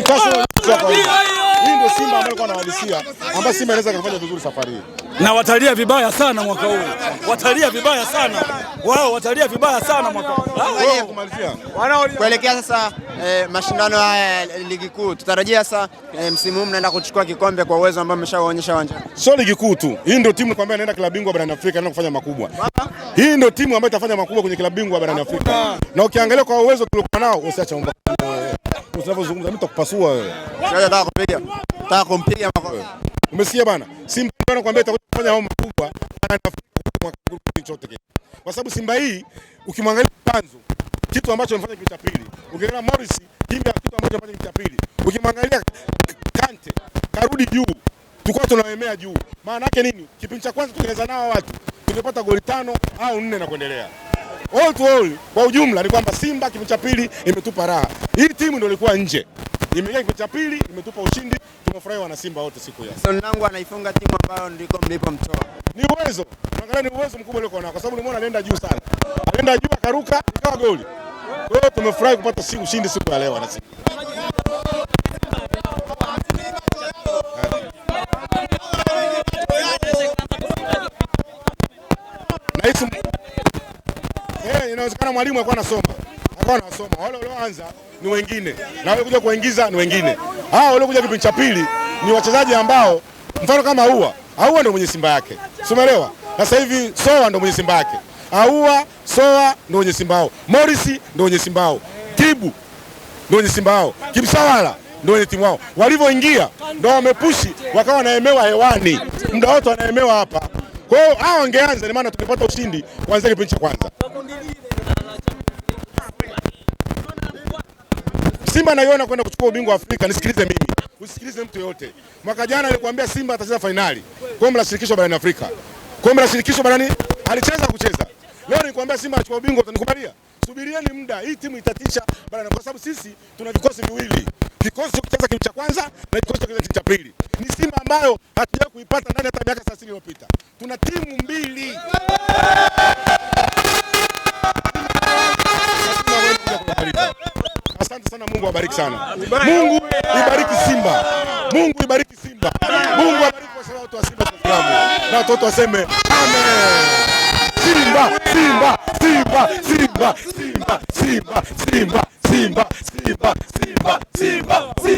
kasho Hii ndio Simba ambayo alikuwa nawadisia ambayo Simba inaweza kufanya vizuri safari hii, na watalia vibaya sana mwaka huu, watalia vibaya sana wao, watalia vibaya sana mwaka huu Kumalizia kuelekea sasa eh, mashindano haya ya ligi kuu. Tutarajia sasa eh, msimu huu mnaenda kuchukua kikombe kwa uwezo ambao mmeshaonyesha uwanja. Sio ligi kuu tu, hii ndio timu ambayo inaenda klabu bingwa barani Afrika na kufanya makubwa. Hii ndio timu ambayo itafanya makubwa kwenye klabu bingwa barani Afrika, na ukiangalia kwa uwezo tulikuwa nao usiacha Unavyozungumza mimi nitakupasua wewe. Sasa nataka kumpiga. Nataka kumpiga makofi. Umesikia bana? Simba anakuambia itakuja kufanya homa kubwa kwa sababu Simba hii ukimwangalia Panzo kitu ambacho amefanya kitu cha pili, ukiangalia Morris kimya, kitu ambacho amefanya kitu cha pili, ukimwangalia Kante karudi juu, tulikuwa tunaemea juu. Maana yake nini? Kipindi cha kwanza tukicheza nao watu tungepata goli tano au nne na kuendelea all to all, kwa ujumla ni kwamba Simba kipindi cha pili imetupa raha. Hii timu ndio ilikuwa nje, imeingia kipindi cha pili imetupa ushindi, tumefurahi wana Simba wote siku ya langu. Anaifunga timu ambayo ndiko mtoa. ni uwezo, angalia, ni uwezo mkubwa uliokuwa nao, kwa sababu nimeona alienda juu sana, alienda juu akaruka ikawa goli. Kwa hiyo tumefurahi kupata siku ushindi siku ya leo wana Simba. Eh, inawezekana mwalimu alikuwa anasoma. Alikuwa anasoma. Wale walioanza ni wengine. Na wale kuja kuingiza ni wengine. Hao wale kuja kipindi cha pili ni wachezaji ambao mfano kama Aua, Aua ndio mwenye Simba yake. Sumelewa? sasa hivi Soa ndio mwenye Simba yake. Aua, Soa ndio mwenye Simba wao. Morris ndio mwenye Simba wao. Kibu ndio mwenye Simba wao. Kimsawala ndio wenye timu wao. Walivyoingia ndio wamepushi wakawa wanaemewa hewani, muda wote wanaemewa hapa. Kwa hiyo hao wangeanza, ni maana tungepata ushindi kuanzia kipindi cha kwanza. Simba naiona kwenda kuchukua ubingwa wa Afrika. Nisikilize mimi, usikilize mtu yoyote. Mwaka jana nilikwambia Simba atacheza fainali kombe la shirikisho barani Afrika, kombe la shirikisho barani alicheza kucheza. Leo nilikwambia Simba anachukua ubingwa, utanikubalia? Subirieni muda, hii timu itatisha barani, kwa sababu sisi tuna vikosi viwili, kikosi cha kucheza kitu cha kwanza na kikosi cha kucheza kitu cha pili. Ni Simba ambayo hatujawahi kuipata ndani hata miaka 30 iliyopita. Tuna timu mbili Mungu abariki sana. Mungu ibariki Simba. Mungu ibariki Simba. Mungu abariki wasema watu wa Simba Salamu. Na watoto waseme amen. Simba, Simba, Simba, Simba, Simba, Simba, Simba, Simba, Simba, Simba, Simba.